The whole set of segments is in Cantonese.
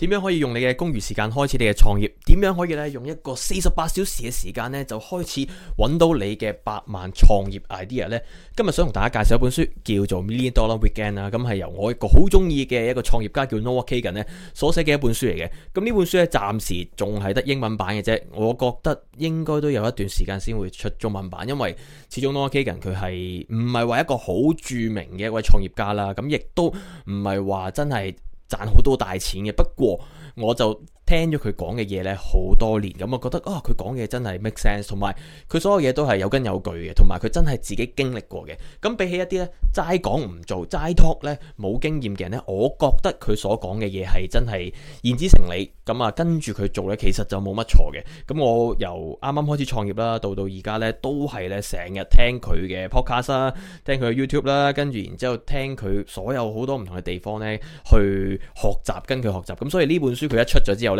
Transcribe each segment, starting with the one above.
點樣可以用你嘅工餘時間開始你嘅創業？點樣可以咧用一個四十八小時嘅時間咧就開始揾到你嘅百萬創業 idea 呢，今日想同大家介紹一本書，叫做 Million Dollar Weekend 啦。咁、啊、係由我一個好中意嘅一個創業家叫 Noah Kagan 咧所寫嘅一本書嚟嘅。咁呢本書咧暫時仲係得英文版嘅啫。我覺得應該都有一段時間先會出中文版，因為始終 Noah Kagan 佢係唔係話一個好著名嘅一位創業家啦。咁亦都唔係話真係。賺好多大錢嘅，不過我就聽咗佢講嘅嘢呢，好多年，咁我覺得啊，佢講嘅嘢真係 make sense，同埋佢所有嘢都係有根有據嘅，同埋佢真係自己經歷過嘅。咁比起一啲呢齋講唔做、齋 talk 呢冇經驗嘅人呢，我覺得佢、哦、所講嘅嘢係真係言之成理。咁、嗯、啊，跟住佢做呢其實就冇乜錯嘅。咁、嗯、我由啱啱開始創業啦，到到而家呢都係呢成日聽佢嘅 podcast 啦，聽佢嘅 YouTube 啦，跟住然之後聽佢所有好多唔同嘅地方呢去學習跟佢學習。咁、嗯、所以呢本書佢一出咗之後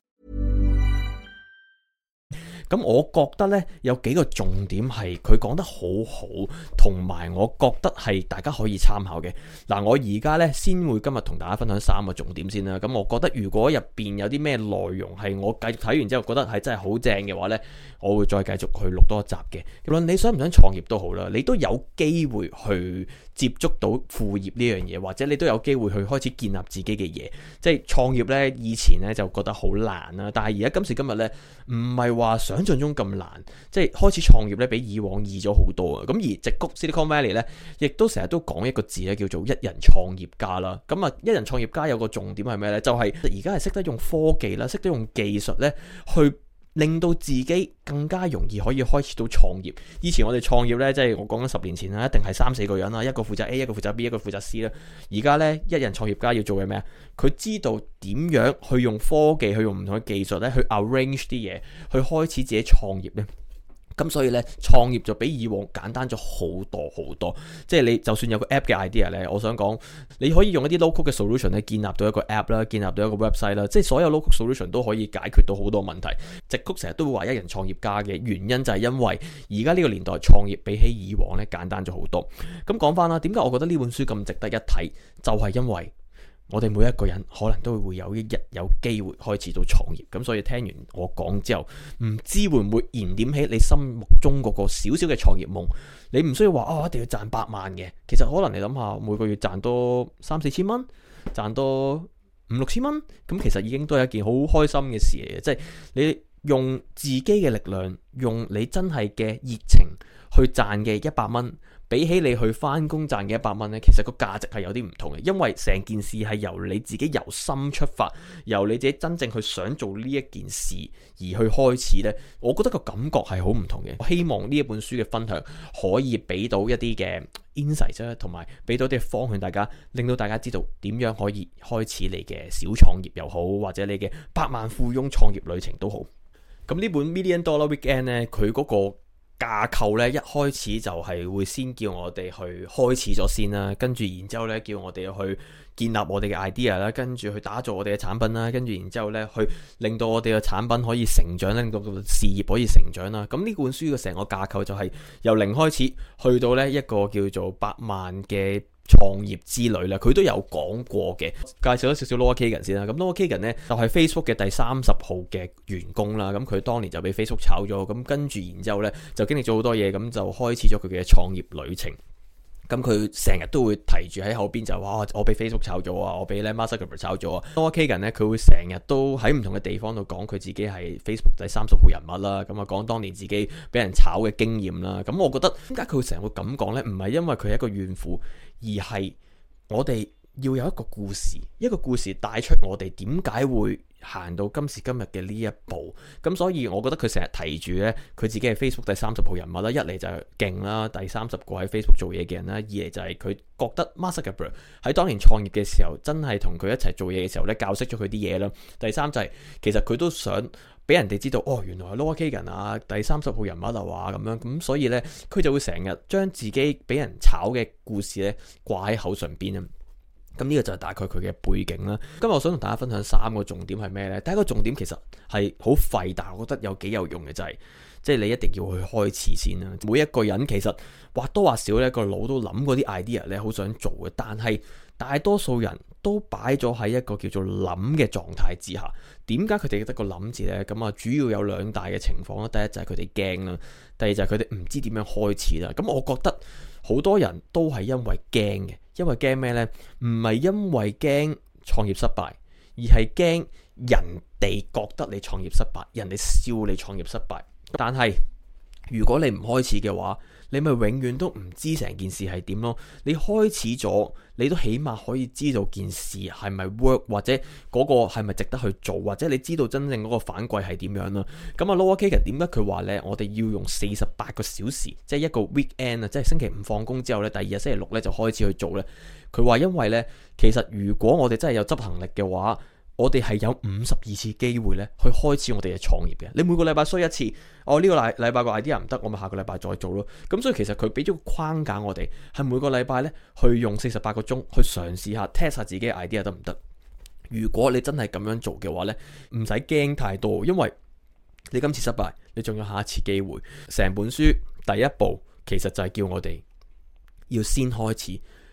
咁我覺得呢，有幾個重點係佢講得好好，同埋我覺得係大家可以參考嘅。嗱、啊，我而家呢，先會今日同大家分享三個重點先啦。咁、嗯、我覺得如果入邊有啲咩內容係我繼續睇完之後覺得係真係好正嘅話呢，我會再繼續去錄多一集嘅。無論你想唔想創業都好啦，你都有機會去接觸到副業呢樣嘢，或者你都有機會去開始建立自己嘅嘢。即係創業呢，以前呢，就覺得好難啦、啊，但係而家今時今日呢，唔係話想。想象中咁難，即係開始創業咧，比以往易咗好多啊！咁而直谷 Silicon Valley 咧，亦都成日都講一個字咧，叫做一人創業家啦。咁、嗯、啊，一人創業家有個重點係咩咧？就係而家係識得用科技啦，識得用技術咧去。令到自己更加容易可以開始到創業。以前我哋創業呢，即係我講緊十年前啦，一定係三四個人啦，一個負責 A，一個負責 B，一個負責 C 啦。而家呢，一人創業家要做嘅咩？佢知道點樣去用科技，去用唔同嘅技術呢，去 arrange 啲嘢，去開始自己創業呢。咁所以呢，創業就比以往簡單咗好多好多。即係你就算有個 app 嘅 idea 呢，我想講，你可以用一啲 low-code 嘅 solution 咧，建立到一個 app 啦，建立到一個 website 啦。即係所有 low-code solution 都可以解決到好多問題。直曲成日都會話一人創業家嘅原因就係因為而家呢個年代創業比起以往呢簡單咗好多。咁講翻啦，點解我覺得呢本書咁值得一睇？就係因為。我哋每一個人可能都會有一日有機會開始到創業，咁所以聽完我講之後，唔知會唔會燃點起你心目中嗰個小小嘅創業夢？你唔需要話啊，一定要賺百萬嘅，其實可能你諗下，每個月賺多三四千蚊，賺多五六千蚊，咁其實已經都係一件好開心嘅事嚟嘅，即係你用自己嘅力量，用你真係嘅熱情去賺嘅一百蚊。比起你去翻工賺嘅一百蚊咧，其實個價值係有啲唔同嘅，因為成件事係由你自己由心出發，由你自己真正去想做呢一件事而去開始呢。我覺得個感覺係好唔同嘅。我希望呢一本書嘅分享可以俾到一啲嘅 insight，同埋俾到啲方向大家，令到大家知道點樣可以開始你嘅小創業又好，或者你嘅百萬富翁創業旅程都好。咁呢本 Million Dollar Weekend 呢，佢嗰個。架構咧，一開始就係會先叫我哋去開始咗先啦、啊，跟住然之後咧，叫我哋去建立我哋嘅 idea 啦，跟住去打造我哋嘅產品啦、啊，跟住然之後咧，去令到我哋嘅產品可以成長，令到事業可以成長啦、啊。咁呢本書嘅成個架構就係由零開始去到咧一個叫做百萬嘅。創業之旅啦，佢都有講過嘅，介紹咗少少 Noah Kagan 先啦。咁 Noah Kagan 咧就係、是、Facebook 嘅第三十號嘅員工啦。咁佢當年就俾 Facebook 炒咗，咁跟住然之後咧就經歷咗好多嘢，咁就開始咗佢嘅創業旅程。咁佢成日都會提住喺後邊就話我俾 Facebook 炒咗啊，我俾咧 Mark Zuckerberg 炒咗啊。Noah Kagan 咧佢會成日都喺唔同嘅地方度講佢自己係 Facebook 第三十號人物啦。咁啊講當年自己俾人炒嘅經驗啦。咁我覺得點解佢會成日會咁講呢？唔係因為佢係一個怨婦，而係我哋要有一個故事，一個故事帶出我哋點解會行到今時今日嘅呢一步，咁所以我覺得佢成日提住咧，佢自己係 Facebook 第三十號人物啦，一嚟就係勁啦，第三十個喺 Facebook 做嘢嘅人啦，二嚟就係佢覺得 Mark Zuckerberg 喺當年創業嘅時候，真係同佢一齊做嘢嘅時候咧，教識咗佢啲嘢啦。第三就係、是、其實佢都想俾人哋知道，哦，原來 Noah Kagan 啊，第三十號人物啊咁樣，咁所以咧，佢就會成日將自己俾人炒嘅故事咧掛喺口唇邊啊。咁呢個就係大概佢嘅背景啦。今日我想同大家分享三個重點係咩呢？第一個重點其實係好廢，但係我覺得有幾有用嘅，就係，即係你一定要去開始先啦。每一個人其實或多或少呢個腦都諗嗰啲 idea 你好想做嘅，但係大多數人，都擺咗喺一個叫做諗嘅狀態之下，點解佢哋得個諗字呢？咁啊，主要有兩大嘅情況咯。第一就係佢哋驚啦，第二就係佢哋唔知點樣開始啦。咁我覺得好多人都係因為驚嘅，因為驚咩呢？唔係因為驚創業失敗，而係驚人哋覺得你創業失敗，人哋笑你創業失敗。但係如果你唔開始嘅話，你咪永遠都唔知成件事係點咯？你開始咗，你都起碼可以知道件事係咪 work，或者嗰個係咪值得去做，或者你知道真正嗰個反饋係點樣啦？咁、嗯、啊 Noah Kagan 點解佢話呢？我哋要用四十八個小時，即係一個 weekend 啊，即係星期五放工之後呢，第二日星期六呢，就開始去做呢？佢話因為呢，其實如果我哋真係有執行力嘅話，我哋係有五十二次機會咧，去開始我哋嘅創業嘅。你每個禮拜衰一次，我、哦、呢、這個禮禮拜個 idea 唔得，我咪下個禮拜再做咯。咁所以其實佢俾咗個框架我，我哋係每個禮拜咧，去用四十八個鐘去嘗試下 test 下自己 idea 得唔得。如果你真係咁樣做嘅話呢，唔使驚太多，因為你今次失敗，你仲有下一次機會。成本書第一步其實就係叫我哋要先開始，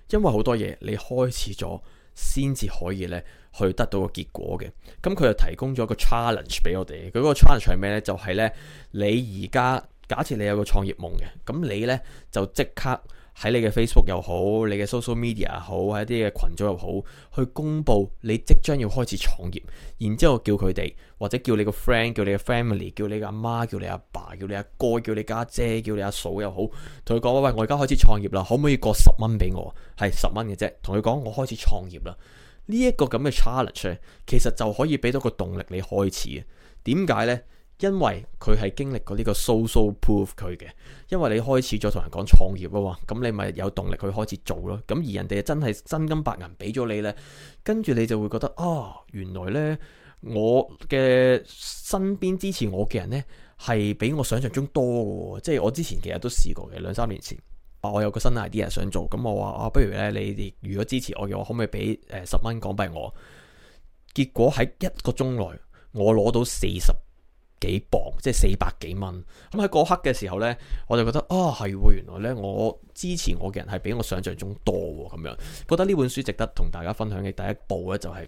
因為好多嘢你開始咗。先至可以咧，去得到個結果嘅。咁佢就提供咗一個 challenge 俾我哋。佢嗰個 challenge 係咩咧？就係咧，你而家假設你有個創業夢嘅，咁你咧就即刻，喺你嘅 Facebook 又好，你嘅 social media 又好，喺啲嘅群組又好，去公布你即將要開始創業，然之後叫佢哋或者叫你個 friend，叫你嘅 family，叫你嘅阿媽，媽，叫你阿爸，爸，叫你阿哥，哥，叫你家姐，姐，叫你阿嫂又好，同佢講，喂，我而家開始創業啦，可唔可以過十蚊俾我？係十蚊嘅啫，同佢講我開始創業啦，呢、這、一個咁嘅 challenge 其實就可以俾到個動力你開始嘅，點解呢？因為佢係經歷過呢個 social proof 佢嘅，因為你開始咗同人講創業啊嘛，咁你咪有動力去開始做咯。咁而人哋真係真金白銀俾咗你呢，跟住你就會覺得啊，原來呢我嘅身邊支持我嘅人呢係比我想象中多嘅哦。即係我之前其實都試過嘅，兩三年前我有個新 idea 想做，咁我話啊，不如咧你哋如果支持我嘅話，我可唔可以俾誒十蚊港幣我？結果喺一個鐘內，我攞到四十。幾磅，即係四百幾蚊。咁喺嗰刻嘅時候呢，我就覺得啊，係喎，原來呢，我支持我嘅人係比我想像中多喎，咁樣覺得呢本書值得同大家分享嘅第一步呢，就係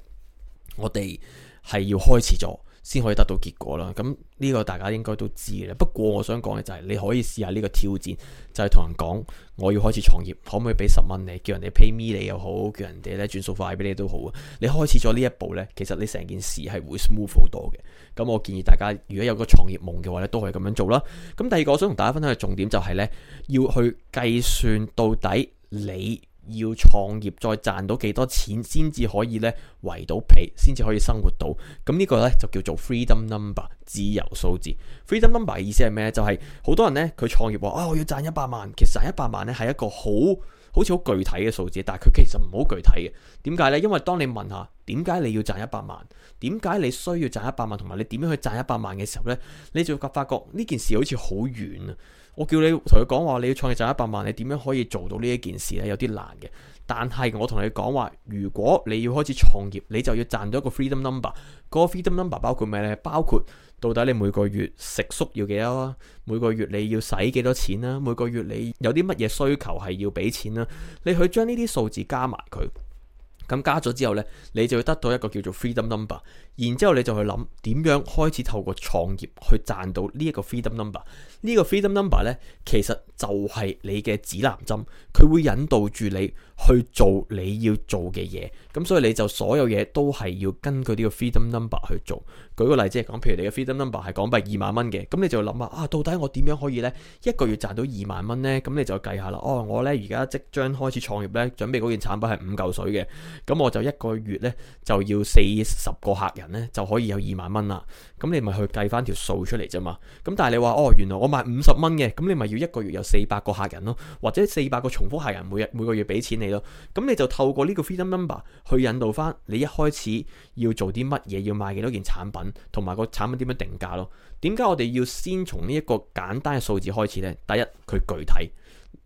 我哋係要開始咗。先可以得到結果啦。咁呢個大家應該都知嘅啦。不過我想講嘅就係你可以試下呢個挑戰，就係同人講我要開始創業，可唔可以俾十蚊你叫人哋 pay me 你又好，叫人哋咧轉數快俾你都好啊。你開始咗呢一步呢，其實你成件事係會 smooth 好多嘅。咁我建議大家如果有個創業夢嘅話呢，都可以咁樣做啦。咁第二個我想同大家分享嘅重點就係呢：要去計算到底你，要創業再賺到幾多錢先至可以咧圍到皮，先至可以生活到。咁呢個咧就叫做 freedom number 自由數字。freedom number 意思係咩？就係好多人呢，佢創業話啊、哦，我要賺一百萬。其實一百萬呢係一個好好似好具體嘅數字，但係佢其實唔好具體嘅。點解呢？因為當你問下點解你要賺一百萬，點解你需要賺一百萬，同埋你點樣去賺一百萬嘅時候呢，你就發覺呢件事好似好遠啊！我叫你同佢講話，你要創業賺一百萬，你點樣可以做到呢一件事呢？有啲難嘅。但係我同你講話，如果你要開始創業，你就要賺到一個 freedom number。個 freedom number 包括咩呢？包括到底你每個月食宿要幾多啊？每個月你要使幾多錢啊？每個月你有啲乜嘢需求係要俾錢啊？你去將呢啲數字加埋佢。咁加咗之後咧，你就會得到一個叫做 freedom number，然之後你就去諗點樣開始透過創業去賺到呢一個 freedom number。這個、freedom number 呢個 freedom number 咧，其實就係你嘅指南針，佢會引導住你去做你要做嘅嘢。咁所以你就所有嘢都係要根據呢個 freedom number 去做。舉個例子嚟講，譬如你嘅 freedom number 係港幣二萬蚊嘅，咁你就諗下啊，到底我點樣可以呢一個月賺到二萬蚊呢？咁你就計下啦。哦，我呢而家即將開始創業呢，準備嗰件產品係五嚿水嘅，咁我就一個月呢，就要四十個客人呢，就可以有二萬蚊啦。咁你咪去計翻條數出嚟啫嘛。咁但係你話哦，原來我賣五十蚊嘅，咁你咪要一個月有四百個客人咯，或者四百個重複客人每日每個月俾錢你咯。咁你就透過呢個 freedom number 去引導翻你一開始要做啲乜嘢，要賣幾多件產品。同埋個產品點樣定價咯？點解我哋要先從呢一個簡單嘅數字開始呢？第一，佢具體，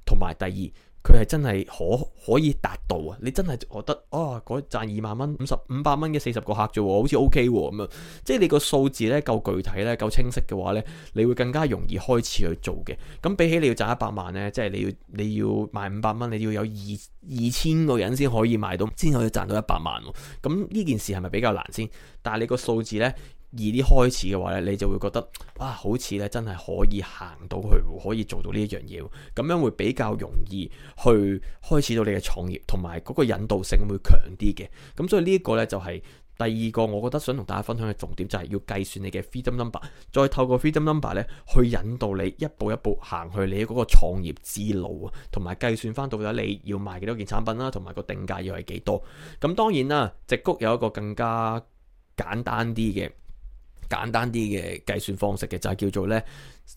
同埋第二，佢係真係可可以達到啊！你真係覺得啊，嗰賺二萬蚊、五十五百蚊嘅四十個客啫，好似 OK 咁啊！即係你個數字呢，夠具體呢，夠清晰嘅話呢，你會更加容易開始去做嘅。咁比起你要賺一百萬呢，即係你要你要賣五百蚊，你要有二二千個人先可以買到，先可以賺到一百萬。咁呢件事係咪比較難先？但係你個數字呢。易啲開始嘅話咧，你就會覺得啊，好似咧真係可以行到去，可以做到呢一樣嘢，咁樣會比較容易去開始到你嘅創業，同埋嗰個引導性會強啲嘅。咁所以呢一個咧就係第二個，我覺得想同大家分享嘅重點就係要計算你嘅 freedom number，再透過 freedom number 咧去引導你一步一步行去你嗰個創業之路啊，同埋計算返到底你要賣幾多件產品啦，同埋個定價要係幾多。咁當然啦，矽谷有一個更加簡單啲嘅。簡單啲嘅計算方式嘅就係、是、叫做咧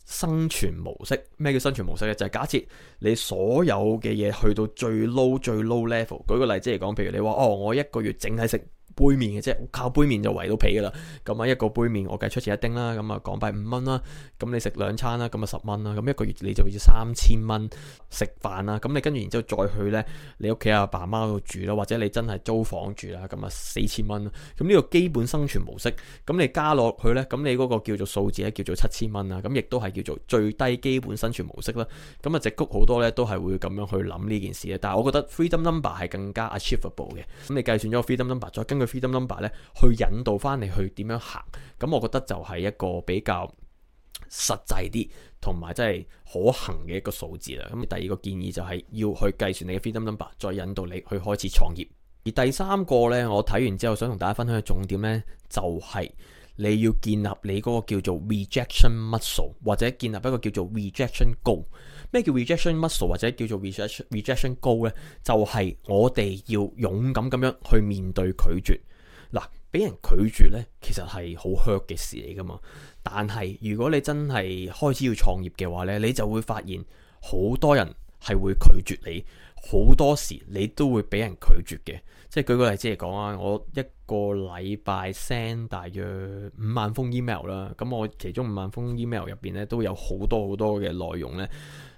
生存模式。咩叫生存模式嘅就係、是、假設你所有嘅嘢去到最 low 最 low level。舉個例子嚟講，譬如你話哦，我一個月淨係食，杯麵嘅啫，靠杯麵就圍到皮噶啦，咁啊一個杯麵我計出前一丁啦，咁啊港幣五蚊啦，咁你食兩餐啦，咁啊十蚊啦，咁一個月你就要三千蚊食飯啦，咁你跟住然之後再去咧，你屋企阿爸阿媽度住啦，或者你真係租房住啦，咁啊四千蚊，咁呢個基本生存模式，咁你加落去咧，咁你嗰個數叫做數字咧叫做七千蚊啦，咁亦都係叫做最低基本生存模式啦，咁啊直谷好多咧都係會咁樣去諗呢件事咧，但係我覺得 freedom number 係更加 achievable 嘅，咁你計算咗 freedom number 再根據。freedom number 咧，去引導翻你去點樣行咁，我覺得就係一個比較實際啲，同埋真係可行嘅一個數字啦。咁第二個建議就係要去計算你嘅 freedom number，再引導你去開始創業。而第三個咧，我睇完之後想同大家分享嘅重點咧，就係、是、你要建立你嗰個叫做 rejection muscle，或者建立一個叫做 rejection goal。咩叫 rejection muscle 或者叫做 rejection rejection 高咧？就係我哋要勇敢咁樣去面對拒絕。嗱，俾人拒絕咧，其實係好 hurt 嘅事嚟噶嘛。但係如果你真係開始要創業嘅話咧，你就會發現好多人係會拒絕你，好多時你都會俾人拒絕嘅。即係舉個例子嚟講啊，我一個禮拜 send 大約五萬封 email 啦，咁我其中五萬封 email 入邊咧，都有好多好多嘅內容咧。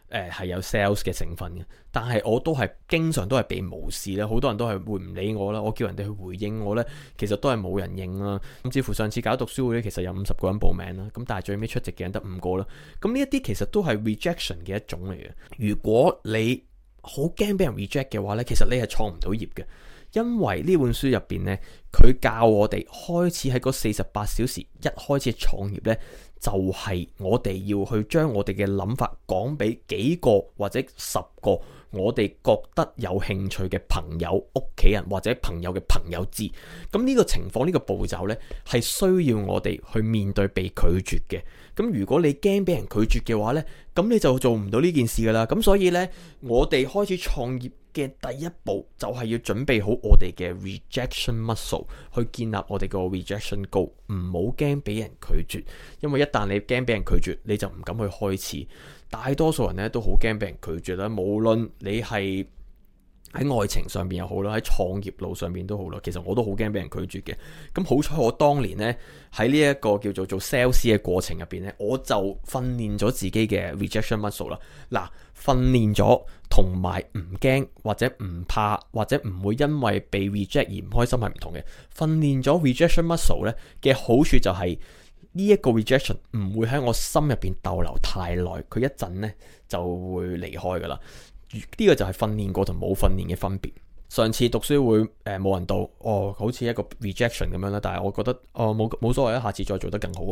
誒係、呃、有 sales 嘅成分嘅，但係我都係經常都係被無視啦，好多人都係會唔理我啦。我叫人哋去回應我呢，其實都係冇人應啦。甚至乎上次搞讀書會咧，其實有五十個人報名啦，咁但係最尾出席嘅人得五個啦。咁呢一啲其實都係 rejection 嘅一種嚟嘅。如果你好驚俾人 reject 嘅話呢，其實你係創唔到業嘅，因為呢本書入邊呢，佢教我哋開始喺嗰四十八小時一開始創業呢。就係我哋要去將我哋嘅諗法講俾幾個或者十個我哋覺得有興趣嘅朋友、屋企人或者朋友嘅朋友知。咁呢個情況，呢個步驟呢係需要我哋去面對被拒絕嘅。咁如果你驚俾人拒絕嘅話呢，咁你就做唔到呢件事噶啦。咁所以呢，我哋開始創業嘅第一步就係要準備好我哋嘅 rejection muscle，去建立我哋個 rejection goal。唔好驚俾人拒絕，因為一，但你驚俾人拒絕，你就唔敢去開始。大多數人咧都好驚俾人拒絕啦。無論你係喺愛情上邊又好啦，喺創業路上邊都好啦。其實我都好驚俾人拒絕嘅。咁好彩，我當年呢，喺呢一個叫做做 sales 嘅過程入邊呢，我就訓練咗自己嘅 rejection muscle 啦。嗱，訓練咗同埋唔驚或者唔怕或者唔會因為被 reject 而唔開心係唔同嘅。訓練咗 rejection muscle 咧嘅好處就係。呢一個 rejection 唔會喺我心入邊逗留太耐，佢一陣咧就會離開㗎啦。呢個就係訓練過同冇訓練嘅分別。上次讀書會誒冇、呃、人到，哦，好似一個 rejection 咁樣啦。但係我覺得哦冇冇所謂，下次再做得更好。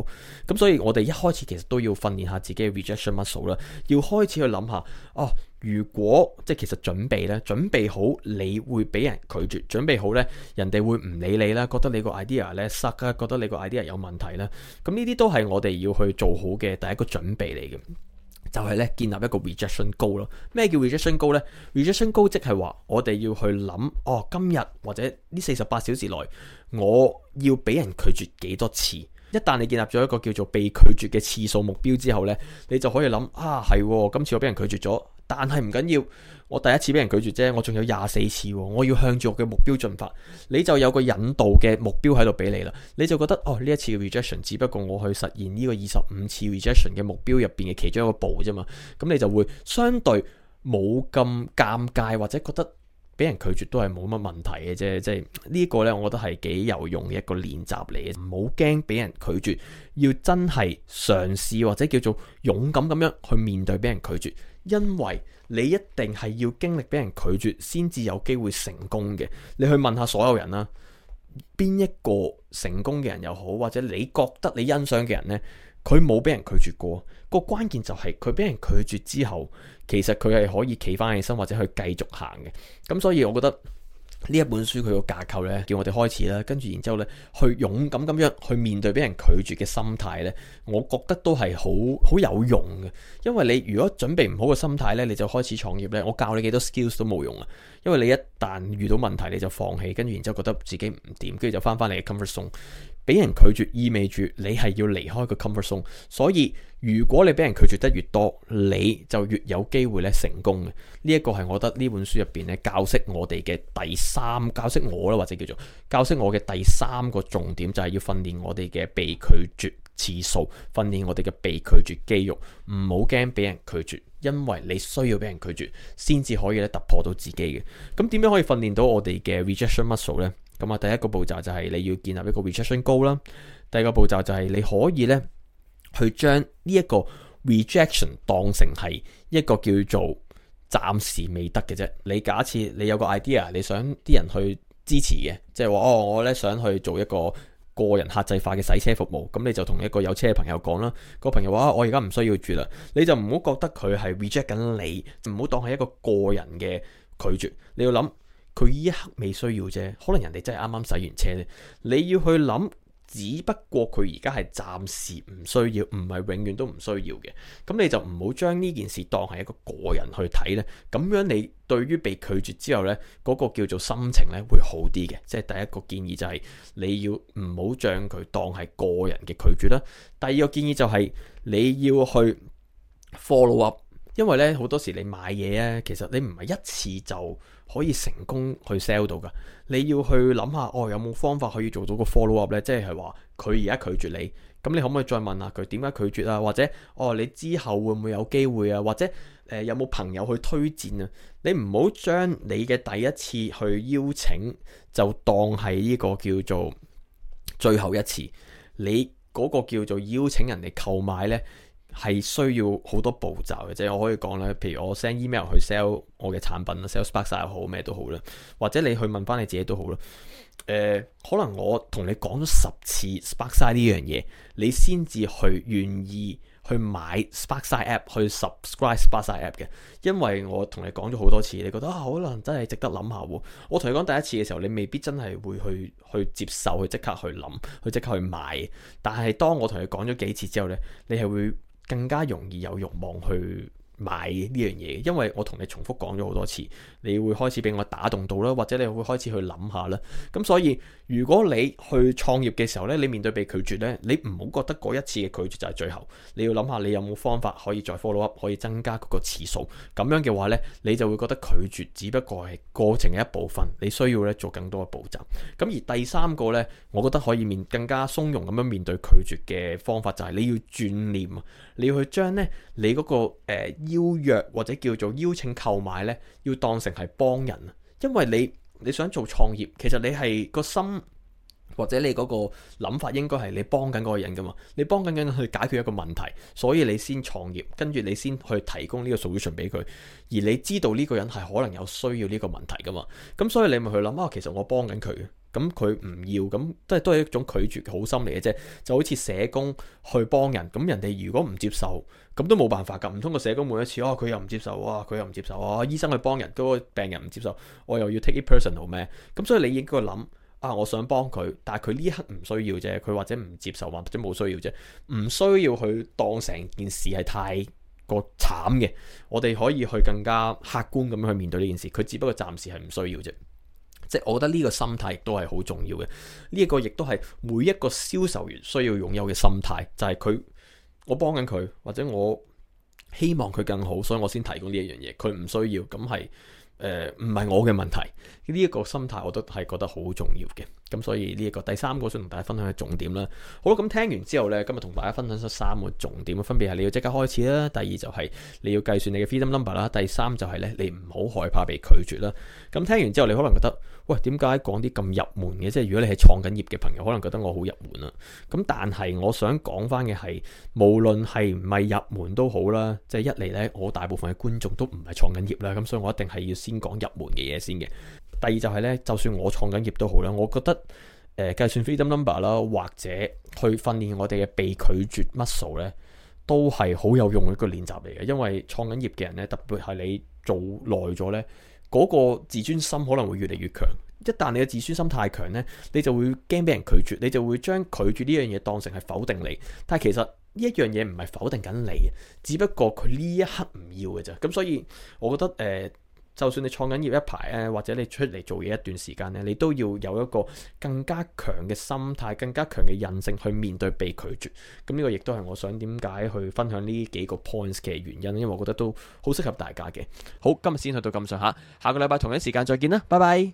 咁所以我哋一開始其實都要訓練下自己嘅 rejection muscle 啦，要開始去諗下哦，如果即係其實準備咧，準備好，你會俾人拒絕，準備好咧，人哋會唔理你啦，覺得你個 idea 咧塞呀，覺得你個 idea 有問題啦。咁呢啲都係我哋要去做好嘅第一個準備嚟嘅。就係咧建立一個 rejection 高咯。咩叫 rejection 高呢？rejection 高即係話我哋要去諗哦，今日或者呢四十八小時內，我要俾人拒絕幾多次？一旦你建立咗一個叫做被拒絕嘅次數目標之後呢，你就可以諗啊，係今次我俾人拒絕咗，但係唔緊要。我第一次俾人拒絕啫，我仲有廿四次，我要向住我嘅目標進發。你就有個引導嘅目標喺度俾你啦，你就覺得哦呢一次嘅 rejection，只不過我去實現呢個二十五次 rejection 嘅目標入邊嘅其中一個步啫嘛。咁你就會相對冇咁尷尬，或者覺得俾人拒絕都係冇乜問題嘅啫。即係呢個呢，我覺得係幾有用嘅一個練習嚟嘅。唔好驚俾人拒絕，要真係嘗試或者叫做勇敢咁樣去面對俾人拒絕。因為你一定係要經歷俾人拒絕，先至有機會成功嘅。你去問下所有人啦，邊一個成功嘅人又好，或者你覺得你欣賞嘅人呢？佢冇俾人拒絕過。個關鍵就係佢俾人拒絕之後，其實佢係可以企翻起身，或者去繼續行嘅。咁所以我覺得。呢一本書佢個架構呢，叫我哋開始啦，跟住然之後咧，去勇敢咁樣去面對俾人拒絕嘅心態呢，我覺得都係好好有用嘅。因為你如果準備唔好嘅心態呢，你就開始創業呢，我教你幾多 skills 都冇用啊。因為你一旦遇到問題，你就放棄，跟住然之後覺得自己唔掂，跟住就翻翻你嘅 comfort zone。俾人拒絕意味住你係要離開個 comfort zone，所以如果你俾人拒絕得越多，你就越有機會咧成功嘅。呢一個係我覺得呢本書入邊咧教識我哋嘅第三教識我啦，或者叫做教識我嘅第三個重點就係要訓練我哋嘅被拒絕次數，訓練我哋嘅被拒絕肌肉，唔好驚俾人拒絕，因為你需要俾人拒絕先至可以咧突破到自己嘅。咁點樣可以訓練到我哋嘅 rejection muscle 呢？咁啊，第一個步驟就係你要建立一個 rejection goal 啦。第二個步驟就係你可以呢去將呢一個 rejection 當成係一個叫做暫時未得嘅啫。你假設你有個 idea，你想啲人去支持嘅，即係話哦，我呢想去做一個個人客製化嘅洗車服務。咁你就同一個有車嘅朋友講啦，個朋友話啊，我而家唔需要住啦。你就唔好覺得佢係 reject 緊你，唔好當係一個個人嘅拒絕。你要諗。佢呢一刻未需要啫，可能人哋真係啱啱洗完車呢。你要去諗，只不過佢而家係暫時唔需要，唔係永遠都唔需要嘅。咁你就唔好將呢件事當係一個個人去睇呢。咁樣你對於被拒絕之後呢，嗰、那個叫做心情咧會好啲嘅。即係第一個建議就係、是、你要唔好將佢當係個人嘅拒絕啦。第二個建議就係、是、你要去 follow up。因為咧好多時你買嘢咧，其實你唔係一次就可以成功去 sell 到噶。你要去諗下，哦，有冇方法可以做到個 follow up 咧？即係話佢而家拒絕你，咁你可唔可以再問下佢點解拒絕啊？或者哦，你之後會唔會有機會啊？或者誒、呃，有冇朋友去推薦啊？你唔好將你嘅第一次去邀請就當係呢個叫做最後一次，你嗰個叫做邀請人哋購買呢。係需要好多步驟嘅，即係我可以講咧，譬如我 send email 去 sell 我嘅產品啦，sell Sparksine 又好咩都好啦，或者你去問翻你自己都好啦。誒、呃，可能我同你講咗十次 Sparksine 呢樣嘢，你先至去願意去買 Sparksine app 去 subscribe Sparksine app 嘅，因為我同你講咗好多次，你覺得、啊、可能真係值得諗下、啊。我同你講第一次嘅時候，你未必真係會去去接受去即刻去諗去即刻去買，但係當我同你講咗幾次之後呢，你係會。更加容易有欲望去。買呢樣嘢，因為我同你重複講咗好多次，你會開始俾我打動到啦，或者你會開始去諗下啦。咁所以如果你去創業嘅時候呢，你面對被拒絕呢，你唔好覺得嗰一次嘅拒絕就係最後，你要諗下你有冇方法可以再 follow up，可以增加嗰個次數。咁樣嘅話呢，你就會覺得拒絕只不過係過程嘅一部分，你需要咧做更多嘅步驟。咁而第三個呢，我覺得可以面更加松容咁樣面對拒絕嘅方法就係你要轉念，你要去將呢你嗰，嗰個誒。呃邀約或者叫做邀請購買呢，要當成係幫人，因為你你想做創業，其實你係個心或者你嗰個諗法應該係你幫緊嗰個人噶嘛，你幫緊緊去解決一個問題，所以你先創業，跟住你先去提供呢個 solution 俾佢，而你知道呢個人係可能有需要呢個問題噶嘛，咁所以你咪去諗啊，其實我幫緊佢。咁佢唔要，咁都係都係一種拒絕嘅好心嚟嘅啫，就好似社工去幫人，咁人哋如果唔接受，咁都冇辦法噶。唔通個社工每一次，哦、啊、佢又唔接受，哇佢又唔接受，哇醫生去幫人都病人唔接受，我又要 take it personal 咩？咁所以你應該諗啊，我想幫佢，但係佢呢一刻唔需要啫，佢或者唔接受，或者冇需要啫，唔需要去當成件事係太過慘嘅。我哋可以去更加客觀咁樣去面對呢件事，佢只不過暫時係唔需要啫。即係我覺得呢個心態亦都係好重要嘅，呢一個亦都係每一個銷售員需要擁有嘅心態，就係佢我幫緊佢或者我希望佢更好，所以我先提供呢一樣嘢，佢唔需要咁係，誒，唔係我嘅問題，呢一個心態我都係覺得好重要嘅。咁所以呢一個第三個想同大家分享嘅重點啦，好啦，咁聽完之後呢，今日同大家分享咗三個重點，分別係你要即刻開始啦，第二就係你要計算你嘅 freedom number 啦，第三就係呢，你唔好害怕被拒絕啦。咁聽完之後，你可能覺得，喂，點解講啲咁入門嘅？即係如果你係創緊業嘅朋友，可能覺得我好入門啊。咁但係我想講翻嘅係，無論係唔係入門都好啦，即係一嚟呢，我大部分嘅觀眾都唔係創緊業啦，咁所以我一定係要先講入門嘅嘢先嘅。第二就係咧，就算我創緊業都好啦，我覺得誒，呃、計算 freedom number 啦，或者去訓練我哋嘅被拒絕 muscle 咧，都係好有用嘅一個練習嚟嘅。因為創緊業嘅人咧，特別係你做耐咗咧，嗰個自尊心可能會越嚟越強。一旦你嘅自尊心太強咧，你就會驚俾人拒絕，你就會將拒絕呢樣嘢當成係否定你。但係其實呢一樣嘢唔係否定緊你，只不過佢呢一刻唔要嘅啫。咁所以我覺得誒。呃就算你創緊業一排或者你出嚟做嘢一段時間咧，你都要有一個更加強嘅心態、更加強嘅韌性去面對被拒絕。咁呢個亦都係我想點解去分享呢幾個 point 嘅原因，因為我覺得都好適合大家嘅。好，今日先去到咁上下，下個禮拜同一時間再見啦，拜拜。